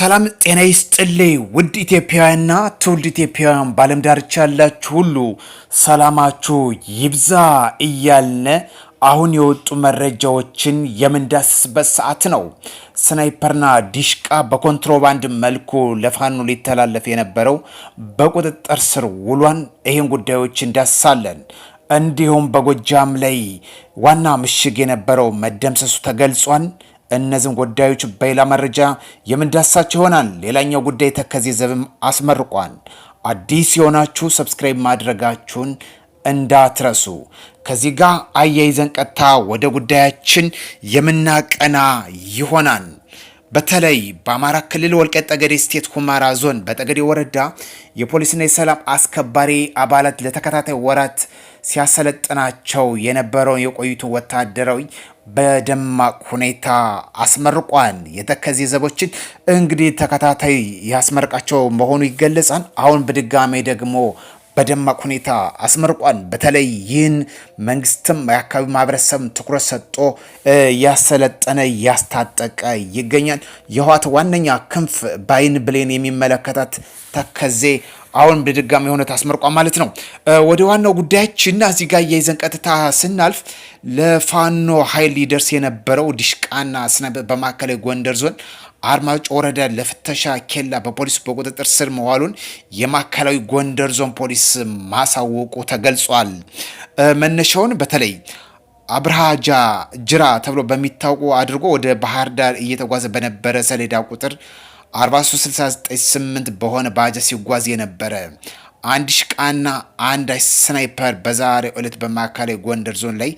ሰላም ጤና ይስጥልኝ ውድ ኢትዮጵያውያንና ትውልድ ኢትዮጵያውያን በዓለም ዳርቻ ያላችሁ ሁሉ ሰላማችሁ ይብዛ እያልነ አሁን የወጡ መረጃዎችን የምንዳስስበት ሰዓት ነው። ስናይፐርና ዲሽቃ በኮንትሮባንድ መልኩ ለፋኖ ሊተላለፍ የነበረው በቁጥጥር ስር ውሏን ይህን ጉዳዮች እንዳስሳለን። እንዲሁም በጎጃም ላይ ዋና ምሽግ የነበረው መደምሰሱ ተገልጿል። እነዚህን ጉዳዮች በሌላ መረጃ የምንዳሳቸው ይሆናል። ሌላኛው ጉዳይ ተከዜ ዘብም አስመርቋል። አዲስ የሆናችሁ ሰብስክራይብ ማድረጋችሁን እንዳትረሱ። ከዚህ ጋር አያይዘን ቀጥታ ወደ ጉዳያችን የምናቀና ይሆናል። በተለይ በአማራ ክልል ወልቃይት ጠገዴ ስቴት ሁመራ ዞን በጠገዴ ወረዳ የፖሊስና የሰላም አስከባሪ አባላት ለተከታታይ ወራት ሲያሰለጥናቸው የነበረውን የቆዩትን ወታደራዊ በደማቅ ሁኔታ አስመርቋል። የተከዜ ዘቦችን እንግዲህ ተከታታይ ያስመርቃቸው መሆኑ ይገለጻል። አሁን በድጋሜ ደግሞ በደማቅ ሁኔታ አስመርቋል። በተለይ ይህን መንግስትም የአካባቢ ማህበረሰብ ትኩረት ሰጥቶ ያሰለጠነ ያስታጠቀ ይገኛል። የህወሓት ዋነኛ ክንፍ በአይን ብሌን የሚመለከታት ተከዜ አሁን በድጋሚ የሆነት አስመርቋ ማለት ነው። ወደ ዋናው ጉዳያችን እዚህ ጋር የይዘን ቀጥታ ስናልፍ ለፋኖ ኃይል ሊደርስ የነበረው ዲሽቃና ስነ በማዕከላዊ ጎንደር ዞን አርማጮ ወረዳ ለፍተሻ ኬላ በፖሊስ በቁጥጥር ስር መዋሉን የማዕከላዊ ጎንደር ዞን ፖሊስ ማሳወቁ ተገልጿል። መነሻውን በተለይ አብርሃጃ ጅራ ተብሎ በሚታወቁ አድርጎ ወደ ባህር ዳር እየተጓዘ በነበረ ሰሌዳ ቁጥር 43698 በሆነ ባጃ ሲጓዝ የነበረ አንድ ሽቃና አንድ ስናይፐር በዛሬ ዕለት በማዕከላዊ ጎንደር ዞን ላይ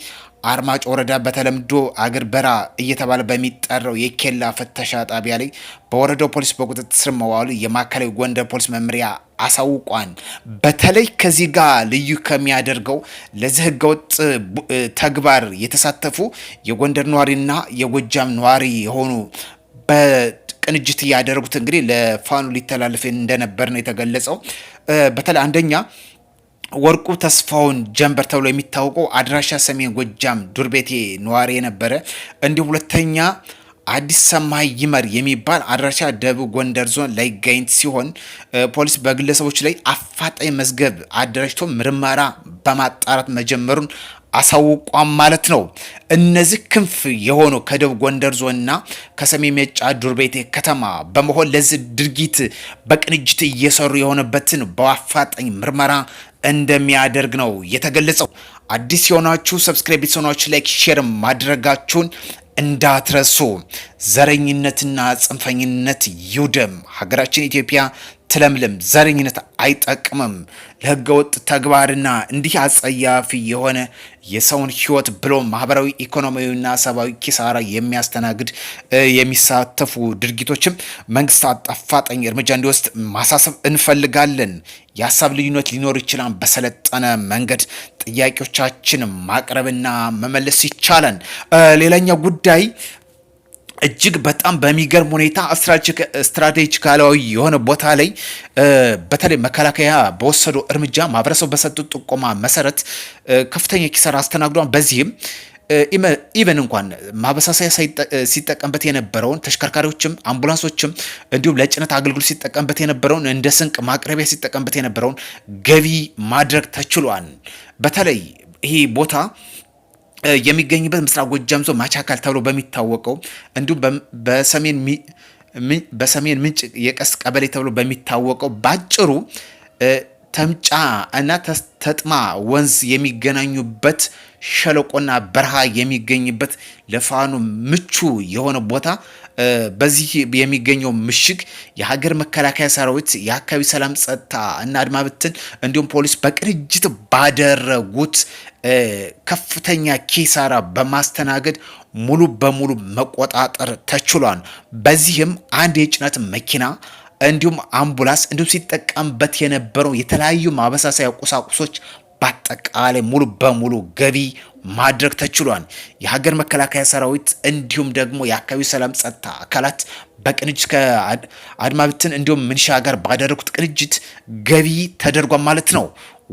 አርማጭ ወረዳ በተለምዶ አገር በራ እየተባለ በሚጠራው የኬላ ፍተሻ ጣቢያ ላይ በወረዳው ፖሊስ በቁጥጥር ስር መዋሉ የማዕከላዊ ጎንደር ፖሊስ መምሪያ አሳውቋል። በተለይ ከዚህ ጋር ልዩ ከሚያደርገው ለዚህ ህገወጥ ተግባር የተሳተፉ የጎንደር ነዋሪና የጎጃም ነዋሪ የሆኑ በቅንጅት እያደረጉት እንግዲህ ለፋኑ ሊተላለፍ እንደነበር ነው የተገለጸው። በተለይ አንደኛ ወርቁ ተስፋውን ጀንበር ተብሎ የሚታወቀው አድራሻ ሰሜን ጎጃም ዱርቤቴ ነዋሪ የነበረ እንዲሁ ሁለተኛ አዲስ ሰማይ ይመር የሚባል አድራሻ ደቡብ ጎንደር ዞን ላይ ሲሆን ፖሊስ በግለሰቦች ላይ አፋጣኝ መዝገብ አደራጅቶ ምርመራ በማጣራት መጀመሩን አሳውቋም ማለት ነው። እነዚህ ክንፍ የሆኑ ከደቡብ ጎንደር ዞንና ከሰሜን ሜጫ ዱርቤቴ ከተማ በመሆን ለዚህ ድርጊት በቅንጅት እየሰሩ የሆነበትን በአፋጣኝ ምርመራ እንደሚያደርግ ነው የተገለጸው። አዲስ የሆናችሁ ሰብስክራይብ ሆናችሁ ላይክ፣ ሼር ማድረጋችሁን እንዳትረሱ። ዘረኝነትና ጽንፈኝነት ይውደም፣ ሀገራችን ኢትዮጵያ ትለምልም። ዘረኝነት አይጠቅምም። ለህገወጥ ተግባርና እንዲህ አጸያፊ የሆነ የሰውን ህይወት ብሎ ማህበራዊ፣ ኢኮኖሚያዊና ሰብአዊ ኪሳራ የሚያስተናግድ የሚሳተፉ ድርጊቶችም መንግስት አፋጣኝ እርምጃ እንዲወስድ ማሳሰብ እንፈልጋለን። የሀሳብ ልዩነት ሊኖር ይችላል። በሰለጠነ መንገድ ጥያቄዎቻችን ማቅረብና መመለስ ይቻላል። ሌላኛው ጉዳይ እጅግ በጣም በሚገርም ሁኔታ ስትራቴጂካላዊ የሆነ ቦታ ላይ በተለይ መከላከያ በወሰዱ እርምጃ ማህበረሰቡ በሰጡት ጥቆማ መሰረት ከፍተኛ ኪሳራ አስተናግዷል። በዚህም ኢቨን እንኳን ማበሳሳያ ሲጠቀምበት የነበረውን ተሽከርካሪዎችም አምቡላንሶችም እንዲሁም ለጭነት አገልግሎት ሲጠቀምበት የነበረውን እንደ ስንቅ ማቅረቢያ ሲጠቀምበት የነበረውን ገቢ ማድረግ ተችሏል። በተለይ ይሄ ቦታ የሚገኝበት ምስራቅ ጎጃም ዞን ማቻካል ተብሎ በሚታወቀው እንዲሁም በሰሜን ምንጭ የቀስ ቀበሌ ተብሎ በሚታወቀው ባጭሩ ተምጫ እና ተጥማ ወንዝ የሚገናኙበት ሸለቆና በረሃ የሚገኝበት ለፋኑ ምቹ የሆነ ቦታ በዚህ የሚገኘው ምሽግ የሀገር መከላከያ ሰራዊት የአካባቢ ሰላም ጸጥታ እና አድማ ብትን እንዲሁም ፖሊስ በቅንጅት ባደረጉት ከፍተኛ ኪሳራ በማስተናገድ ሙሉ በሙሉ መቆጣጠር ተችሏል። በዚህም አንድ የጭነት መኪና እንዲሁም አምቡላንስ እንዲሁም ሲጠቀምበት የነበረው የተለያዩ ማበሳሳያ ቁሳቁሶች በአጠቃላይ ሙሉ በሙሉ ገቢ ማድረግ ተችሏል። የሀገር መከላከያ ሰራዊት እንዲሁም ደግሞ የአካባቢ ሰላም ጸጥታ አካላት በቅንጅት ከአድማብትን እንዲሁም ምንሻ ጋር ባደረጉት ቅንጅት ገቢ ተደርጓል ማለት ነው።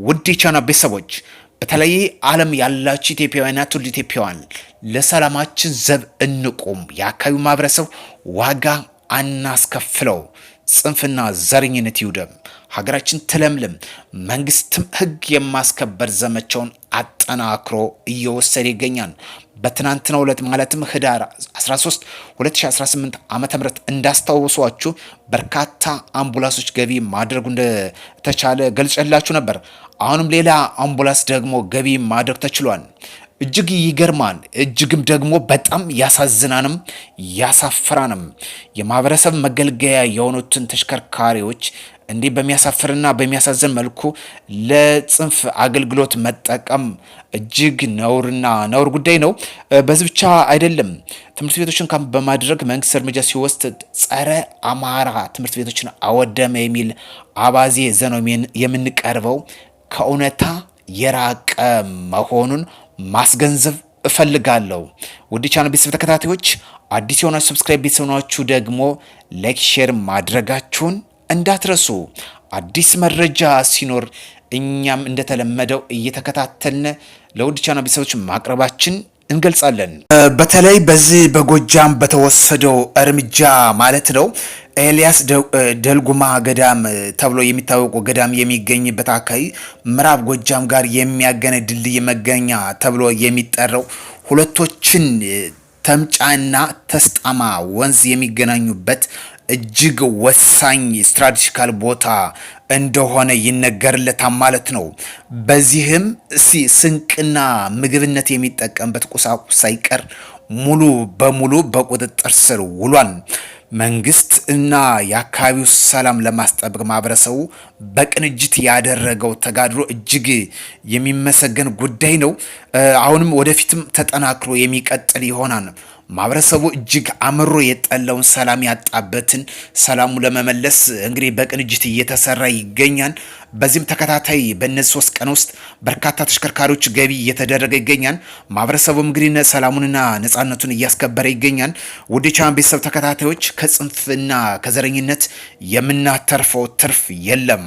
ውድ የቻና ቤተሰቦች በተለይ ዓለም ያላችሁ ኢትዮጵያውያንና ትውልደ ኢትዮጵያውያን ለሰላማችን ዘብ እንቁም። የአካባቢው ማህበረሰብ ዋጋ አናስከፍለው። ጽንፍና ዘረኝነት ይውደም፣ ሀገራችን ትለምልም። መንግስትም ህግ የማስከበር ዘመቻውን አጠናክሮ እየወሰደ ይገኛል። በትናንትናው ዕለት ማለትም ህዳር 13 2018 ዓ ም እንዳስታወሷችሁ በርካታ አምቡላንሶች ገቢ ማድረጉ እንደተቻለ ገልጨላችሁ ነበር። አሁንም ሌላ አምቡላንስ ደግሞ ገቢ ማድረግ ተችሏል። እጅግ ይገርማል። እጅግም ደግሞ በጣም ያሳዝናንም ያሳፍራንም የማህበረሰብ መገልገያ የሆኑትን ተሽከርካሪዎች እንዲህ በሚያሳፍርና በሚያሳዝን መልኩ ለጽንፍ አገልግሎት መጠቀም እጅግ ነውርና ነውር ጉዳይ ነው። በዚህ ብቻ አይደለም። ትምህርት ቤቶችን ካምፕ በማድረግ መንግስት እርምጃ ሲወስድ ጸረ አማራ ትምህርት ቤቶችን አወደመ የሚል አባዜ ዘነው የምንቀርበው ከእውነታ የራቀ መሆኑን ማስገንዘብ እፈልጋለሁ። ውድ ቻናል ቤተሰብ ተከታታዮች፣ አዲስ የሆናችሁ ሰብስክራይብ፣ ቤተሰብ ደግሞ ላይክ፣ ሼር ማድረጋችሁን እንዳትረሱ። አዲስ መረጃ ሲኖር እኛም እንደተለመደው እየተከታተልን ለውድ ቻናል ቤተሰቦች ማቅረባችን እንገልጻለን። በተለይ በዚህ በጎጃም በተወሰደው እርምጃ ማለት ነው ኤልያስ ደልጉማ ገዳም ተብሎ የሚታወቁ ገዳም የሚገኝበት አካባቢ ምዕራብ ጎጃም ጋር የሚያገነ ድልድይ መገኛ ተብሎ የሚጠራው ሁለቶችን ተምጫና ተስጣማ ወንዝ የሚገናኙበት እጅግ ወሳኝ ስትራቴጂካል ቦታ እንደሆነ ይነገርለታል ማለት ነው። በዚህም እስቲ ስንቅና ምግብነት የሚጠቀምበት ቁሳቁስ ሳይቀር ሙሉ በሙሉ በቁጥጥር ስር ውሏል። መንግስት እና የአካባቢው ሰላም ለማስጠበቅ ማህበረሰቡ በቅንጅት ያደረገው ተጋድሎ እጅግ የሚመሰገን ጉዳይ ነው። አሁንም ወደፊትም ተጠናክሮ የሚቀጥል ይሆናል። ማህበረሰቡ እጅግ አምሮ የጠላውን ሰላም ያጣበትን ሰላሙ ለመመለስ እንግዲህ በቅንጅት እየተሰራ ይገኛል። በዚህም ተከታታይ በእነዚህ ሶስት ቀን ውስጥ በርካታ ተሽከርካሪዎች ገቢ እየተደረገ ይገኛል። ማህበረሰቡም እንግዲህ ሰላሙንና ነፃነቱን እያስከበረ ይገኛል። ውድ ቤተሰብ ተከታታዮች ከጽንፍና ከዘረኝነት የምናተርፈው ትርፍ የለም።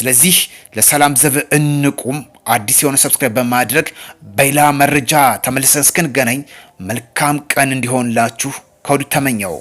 ስለዚህ ለሰላም ዘብ እንቁም። አዲስ የሆነ ሰብስክራይብ በማድረግ በሌላ መረጃ ተመልሰን እስክንገናኝ መልካም ቀን እንዲሆንላችሁ ከወዲሁ ተመኘው።